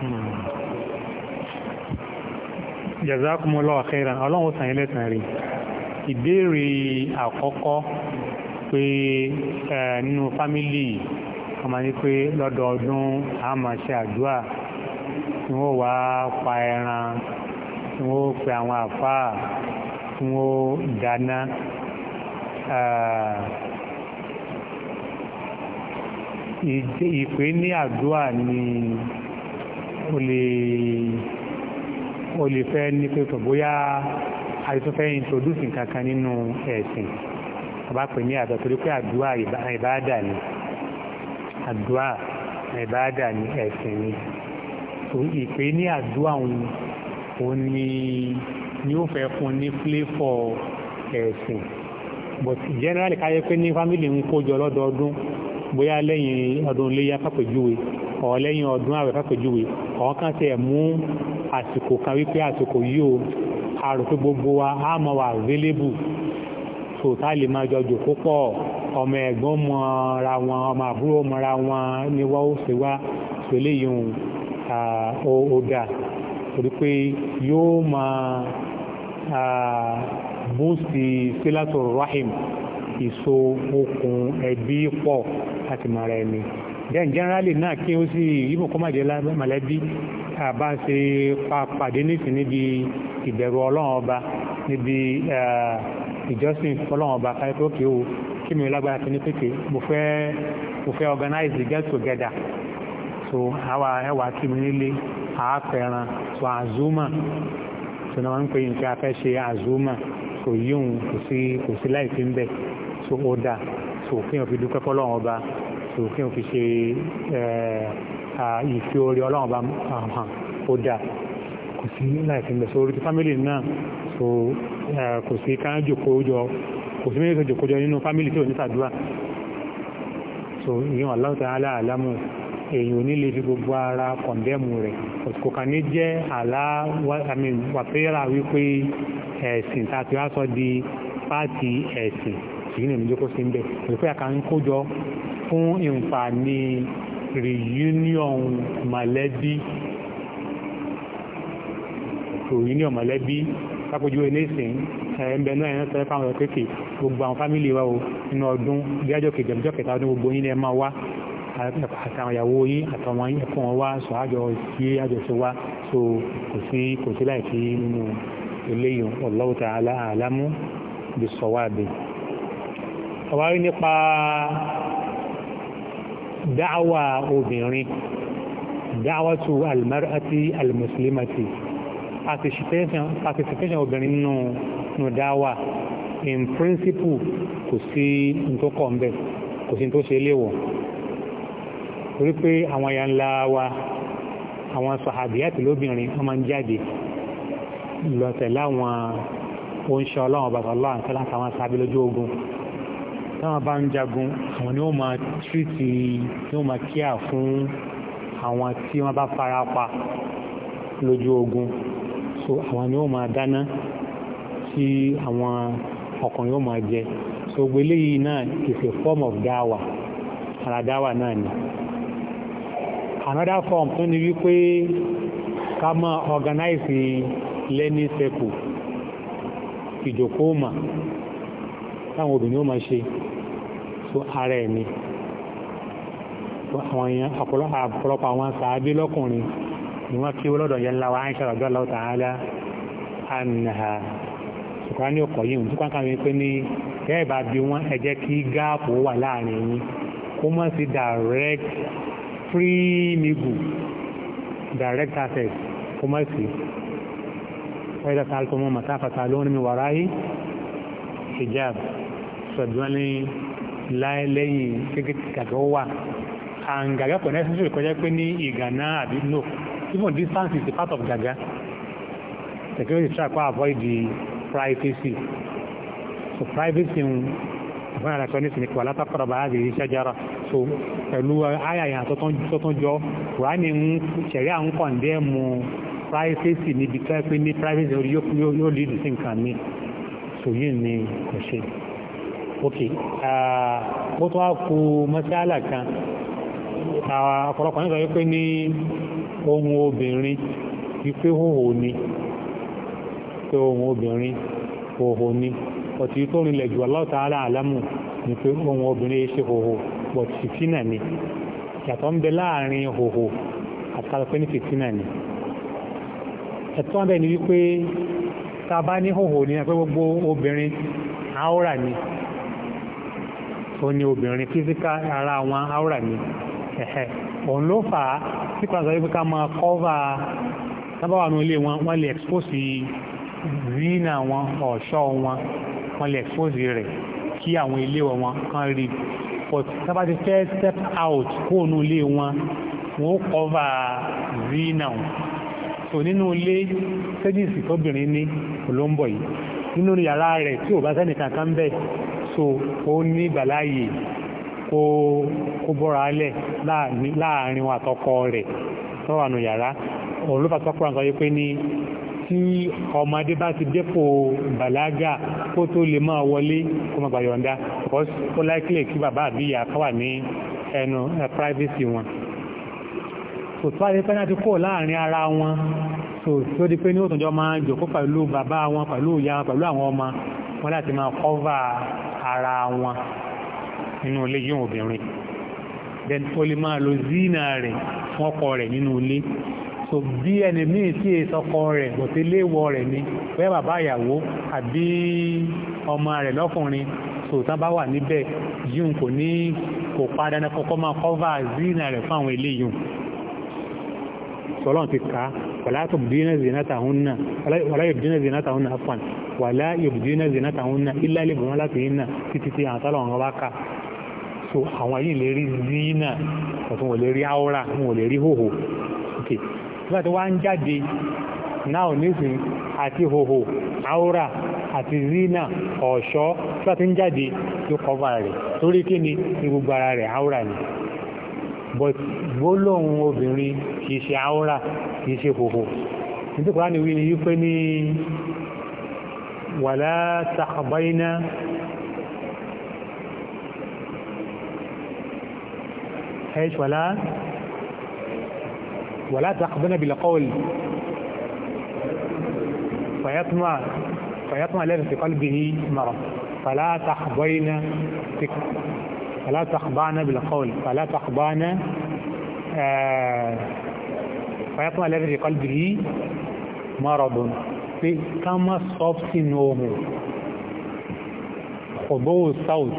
Hmm. jazakumullahu khairan ọlọ́run sàn yín lẹ́sàn rí ìbéèrè àkọ́kọ́ pé nínú fámílì wọ́n máa ní pé lọ́dọọdún a máa ṣe àdúrà tí wọ́n wá pa ẹran tí wọ́n pe àwọn àfáà tí wọ́n dáná ìpè ní àdúrà ni. Uh, o lè o lè fẹ́ ní pé tó bóyá àìsàn fẹ́ introduce nǹkan kan nínú ẹ̀sìn ọba pè ní àdá torí pé àdúrà ìbáàdà ni àdúrà ìbáàdà ni ẹ̀sìn ni ìpè ní àdúrà òun òun ni ni ó fẹ́ fún ní flavor ẹ̀sìn but generally káyẹ pé ní family ń kójọ lọ́dọọdún bóyá lẹ́yìn ọdún iléyà pàpẹ́júwe ọ̀ lẹ́yìn ọdún àwẹ̀ pàpẹ́júwe àwọn kan ti ẹ̀ mú àsìkò kan wípé àsìkò yìí o a rò pé gbogbo wa á máa wà available so tá a lè máa jọ jòkó pọ̀ ọmọ ẹ̀gbọ́n mọ́ra wọn ọmọ àbúrò mọ́ra wọn ni wọ́n ó ṣe wá ṣẹlẹ̀ yìí ó dà torí pé yóò máa búùsì sílátò rahim ìso okùn ẹbí pọ̀ láti mọ́ra ẹni then generally náà kí ó sì ibùn kó má jẹ́ mọ̀lẹ́bí àbá ṣe pàdé nìsín níbi ìbẹ̀rù ọlọ́run ọba níbi ìjọsìn ọlọ́run ọba káyọ̀ tó kí o kí mi lágbára kí ní pété mo fẹ́ mo fẹ́ organize the get together so àwa ẹwà kí mi nílé àáfẹ́ràn so àzúmà so náà wọ́n ń pè a afẹ́ ṣe àzúmà kò yíhun kò sí kò sí láì fi ń bẹ̀ so ó dà so kéèyàn fi dúpẹ́ fọlọ́run ọba so kí n fi ṣe ìfi orí ọlọ́run bá hàn ó dà kò sí láìsí ń bẹ̀ so orí ti fámìlì náà so kò sí ká jòkóó jọ kò sí méjèèjì jòkóó jọ nínú fámìlì tí ò ní sàdúrà so ìyẹn Allah ta'ala àlámù èyàn onílé fi gbogbo ara kọ̀ndẹ́mù rẹ̀ kò kàn ní jẹ́ àlá wàfẹ́ra wípé ẹ̀sìn tàbí wá sọ di pàtì ẹ̀sìn èyí nìyẹn jókòó sí ń bẹ̀ pẹ̀lú pé fún ìǹfààní reunion mọ̀lẹ́bí reunion mọ̀lẹ́bí sápójú eléṣin ẹ̀ẹ́mbẹ̀ náà ẹ̀yán sọ fáwọn ọ̀kẹ́kẹ́ gbogbo àwọn fámìlì wa o nínú ọdún bí ajọ́ kejì ọjọ́ kẹta ọdún gbogbo yín ni ẹ máa wá àtàwọn ìyàwó yín àtàwọn ẹ̀kọ́ wọn wá sọ àjọ sí àjọ sí wá so kò sí kò sí láì sí nínú eléyìí Allahu ta'ala a'lamu bis-sawab àbẹ̀. ọ̀wárí nípa dáwà obìnrin dáwàtú almar'ati almuslimati participation obìnrin nínú dáwà in principle kò sí tó kọ̀ ńbẹ̀ kò sí tó ṣe léwọ̀ torí pé àwọn ya ńlá wa àwọn sàhàbíyàtì lóbìnrin wọ́n máa ń jáde lọ́tẹ̀ láwọn oúnṣẹ́ ọlọ́run bàtà ọlọ́run tẹ́lá àtàwọn sábẹ́ lójú ogun táwọn bá ń jagun àwọn ni ó máa tírìtì ni ó máa kíà fún àwọn tí wọ́n bá fara pa lójú ogun so àwọn ni ó máa dáná tí àwọn ọkùnrin ó máa jẹ so gbogbo eléyìí náà is a form of dawa ara dawa náà ni another form tó ní wípé ká máa organize learning circle ìjòkó mà táwọn obìnrin ó máa ṣe so ara ẹ̀ ni àwọn èèyàn ọ̀pọ̀lọpọ̀ àwọn sàábí lọ́kùnrin ni wọ́n kí olódò yẹn ńlá wa ń ṣàrọ̀ dọ́là ọ̀tà ààlà àmìnàhà ṣùgbọ́n ní ọkọ̀ yìí nítorí kankan wípé ní bẹ́ẹ̀ bá bí wọ́n ẹ jẹ́ kí gáàpù wà láàrin yín kó mọ̀ sí direct free mingle direct access kó mọ̀ sí fẹ́ẹ́dà sàlùkù mọ́ màtáfàtà lónìí mi wàráyé hijab ṣọ̀dúnlẹ́yìn lẹ́yìn gàgà ó wà and gàgà kò necessary kọjá pé ní ìgànná àbí no even distance is a part of gàgà security try to avoid the privacy so privacy ń fún àlàkà oníṣẹ́ wà látàkọ̀rọ̀ bá àgbè ṣẹ́jára so pẹ̀lú ayàyà tó tún jọ kùránì ń ṣẹ̀rí à ń kọ̀ndẹ́mù privacy níbi tó ẹ pé ní privacy yóò lead sí nǹkan mi so yìí ni kò ṣe ok ó tó wá kú mọ́sálà kan ọ̀pọ̀lọpọ̀ nígbà wípé ní ohun obìnrin wípé hòhò ni pé ohun obìnrin hòhò ni ọ̀tí tó rinlẹ̀ jù Allah ta'ala àlámù ni pé ohun obìnrin ṣe hòhò pọ̀ fìtínà ni yàtọ̀ ń bẹ láàrin hòhò àtàlùpẹ́ ní fìtínà ni ẹ̀tọ́ bẹ́ẹ̀ ni wípé tá a bá ní hòhò ni pé gbogbo obìnrin àórà ni ó ni obìnrin físíkà ara wọn áwùrà ni ẹ̀hẹ́ òun ló fà á tí kò sọ pé ká máa kọ́fà sábà wà ní ilé wọn wọ́n lè expose zina wọn ọ̀ṣọ́ wọn wọ́n lè expose rẹ̀ kí àwọn ilé wọn kan rí but sábà ti fẹ́ step out kó nu ilé wọn wọn ó kọ́fà zina wọn so nínú ilé sẹ́díìsì tóbìnrin ní olóńbọ̀ yìí nínú yàrá rẹ̀ tí ò bá sẹ́nìkan kan bẹ́ẹ̀ so ó ní ìgbàláyè kó kó bọ́ra alẹ̀ láàrin wọn àtọkọ rẹ̀ tọ́wọ́ àánú yàrá òun ló fà sọ́kọ́ àwọn sọ pé ní tí ọmọdé bá ti dépò bàlágà kó tó lè máa wọlé kó máa gbàyọ̀ǹda ó láìkílẹ̀ kí bàbá àbí ìyá káwà ní ẹnu privacy wọn so tó wáyé pẹ́ná ti kó láàrin ara wọn so tó di pé ní òtúnjọ́ máa jòkó pẹ̀lú bàbá wọn pẹ̀lú ìyá wọn pẹ̀lú àwọn ọmọ wọn láti máa kọ́và ara wọn nínú ilé yíò obìnrin then ó lè máa lo zina rẹ̀ fún ọkọ rẹ̀ nínú ilé so bí ẹni míì tí è sọkọ rẹ̀ bọ̀tí léwọ rẹ̀ ni bẹ́ẹ̀ bàbá ìyàwó àbí ọmọ rẹ̀ lọ́kùnrin so tán bá wà níbẹ̀ yíò kò ní kò padà náà kọ́kọ́ máa kọ́và zina rẹ̀ fún àwọn ilé yìí sọlọ́n ti ká wàlá tòbdínà zinata hunna wàlá yòbdínà zinata hunna afwan wàlá yòbdínà zinata hunna ilá ilé bùnmọ́ láti yìí nà títí tí àwọn sálọ̀ wọn bá ká so àwọn yìí lè rí zina ọ̀tún wọ́n lè rí aura wọ́n lè rí hòhò ok nígbà tí wọ́n á ń jáde náà nísìn àti hòhò aura àti zina ọ̀ṣọ́ tí ń jáde yóò kọ́ bá rẹ̀ torí kí ni gbogbo ara rẹ̀ aura ni. but gbólóhùn obìnrin kìí ṣe àwòrà kìí ṣe hòhò nítorí ni wí ni wípé ní wàlá tàbáyíná ايش ولا ولا تأخذنا بالقول فيطمع فيطمع الذي في قلبه mara فلا تحظين فلا تخضعن بالقول فلا تخضعن فيطمع الذي في قلبه مرض في كما صوت نومه خضوع الصوت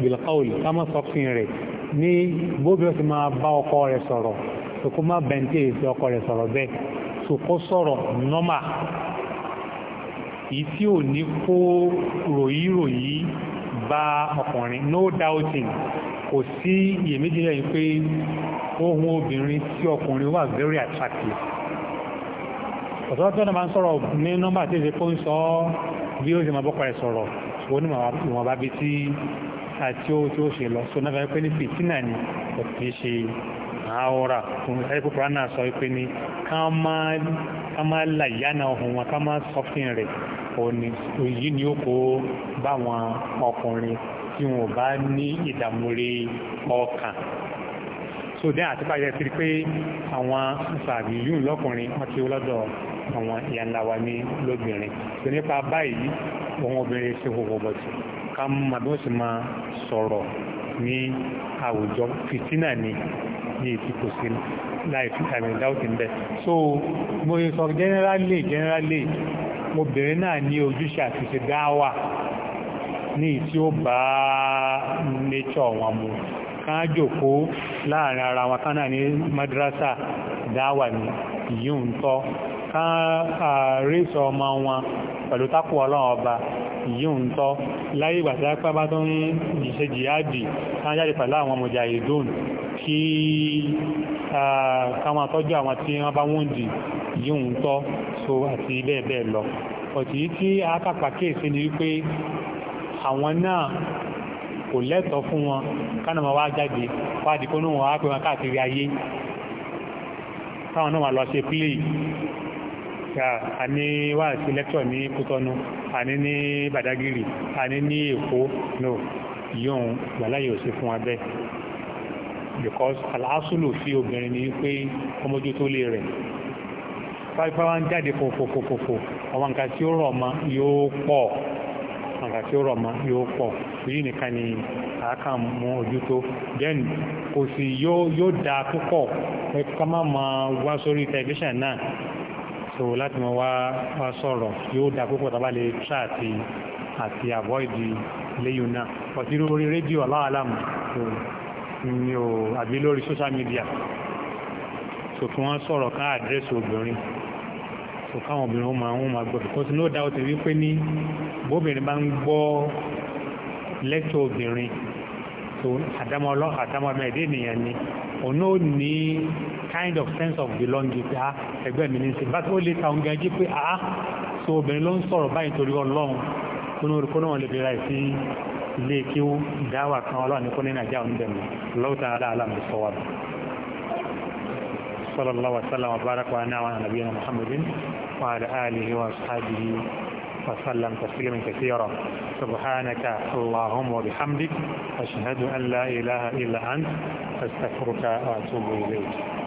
بالقول كما صوت ريت ní bóbi ó ti máa bá ọkọ rẹ̀ sọ̀rọ̀ tó kó má bẹ̀ntì èsì ọkọ rẹ̀ sọ̀rọ̀ bẹ́ẹ̀ tó kó sọ̀rọ̀ normal èyí tí ò ní kó ròyíròyí bá ọkùnrin no doubting kò sí iyèméjì lẹ́yìn pé ohun obìnrin tí ọkùnrin wà very attractive ọ̀tọ́ tó náà máa ń sọ̀rọ̀ ní nọ́mbà tí èsì pé ń sọ bí ó sì máa bọ́kọ̀ rẹ̀ sọ̀rọ̀ òun ni màá bí tí àti owó tí lọ so náà fẹ́ pé ní fìtínà ni kò kì í ṣe àwòrà fún ẹ̀rí púpọ̀ náà sọ pé ní ká má là yánà ọ̀hún wọn ká má sọ́fìn rẹ̀ òní ni ó kó báwọn ọkùnrin tí wọn bá ní ìdààmú rí ọkàn so dẹ́ àti báyẹ̀ sí pé àwọn sàbí yún lọ́kùnrin wọn ti lọ́dọ̀ àwọn ìyànláwa ní lóbìnrin so nípa báyìí òun obìnrin ṣe gbogbo bọ̀tì ká mọ bí wọ́n ṣe máa sọ̀rọ̀ ní àwùjọ fìtínà ni ní ètí kò sí láì fi àmì ìdáwòtì ń bẹ̀. so mo ṣe sọ generally generally obìnrin náà ní ojúṣe àti ṣe dáwà ní tí ó bá nature wọn mu kán jòkó láàrin ara wọn kán náà ní madrasa dáwà ní ìyí ń tọ́ kán rí sọ ọmọ wọn pẹ̀lú tákù ọlọ́run ọba yíò ń tọ́ láyé ìgbà tí apá bá tó ń ṣe jihadi káwọn jáde pẹ̀lú àwọn mujahidun kí káwọn àtọ́jú àwọn tí wọ́n bá wúndì yíò ń tọ́ so àti bẹ́ẹ̀ bẹ́ẹ̀ lọ ọ̀tí tí a kàpà kéèsì ni wípé àwọn náà kò lẹ́tọ̀ fún wọn kánàmà wá jáde wá dìkónú wọn á pè wọn káàkiri ayé táwọn náà wà lọ ṣe pílì àní wà sí lẹ́kṣọ̀ ní kútọ́nù àní ní Badagiri àní ní Èkó no yóò wàláyé ò fún wa because aláṣùlù fi obìnrin ní pé ọmọjútó lè rẹ̀ pàápàá wá ń jáde fòfòfòfò àwọn nǹkan tí ó rọ̀ mọ́ yóò pọ̀ nǹkan tí ó rọ̀ mọ́ yóò pọ̀ èyí nìkan ni àáká mú ojú tó then kò sì yóò dáa púpọ̀ ká má máa wá sórí tẹlifíṣàn náà so láti mọ wá wá sọ̀rọ̀ yóò dà púpọ̀ tá a bá lè tra àti àti avoid léyìn náà ọ̀tí lórí rédíò aláàlámù ni o àbí lórí social media so kí wọ́n sọ̀rọ̀ ká àdírẹ́sì obìnrin so káwọn obìnrin ó máa ń máa gbọ́ because no doubt wípé ní bóbìnrin bá ń gbọ́ lẹ́tọ̀ obìnrin so àdámọ́ ọlọ́ àdámọ́ ọmọ ẹ̀dẹ́ ènìyàn ni. So, òun náà ní kind of sense of belonging pé ah ẹgbẹ́ mi ní í ṣe bá tó lè ta òun gan jí pé ah so obìnrin ló ń sọ̀rọ̀ báyìí torí ọlọ́run tó ní orúkọ náà lè fi ra ìsí ilé kí ó dáwà kan ọlọ́run nípò ní nàìjíríà ń bẹ̀rù lọ́wọ́ta aláàlá mi sọ wà bẹ̀. sallallahu alaihi wa sallam wa baraka wa na'wa nabiyina muhammadin wa ala alihi wa ashabihi وسلم تسليما كثيرا سبحانك اللهم وبحمدك أشهد أن لا إله إلا أنت أستغفرك وأتوب إليك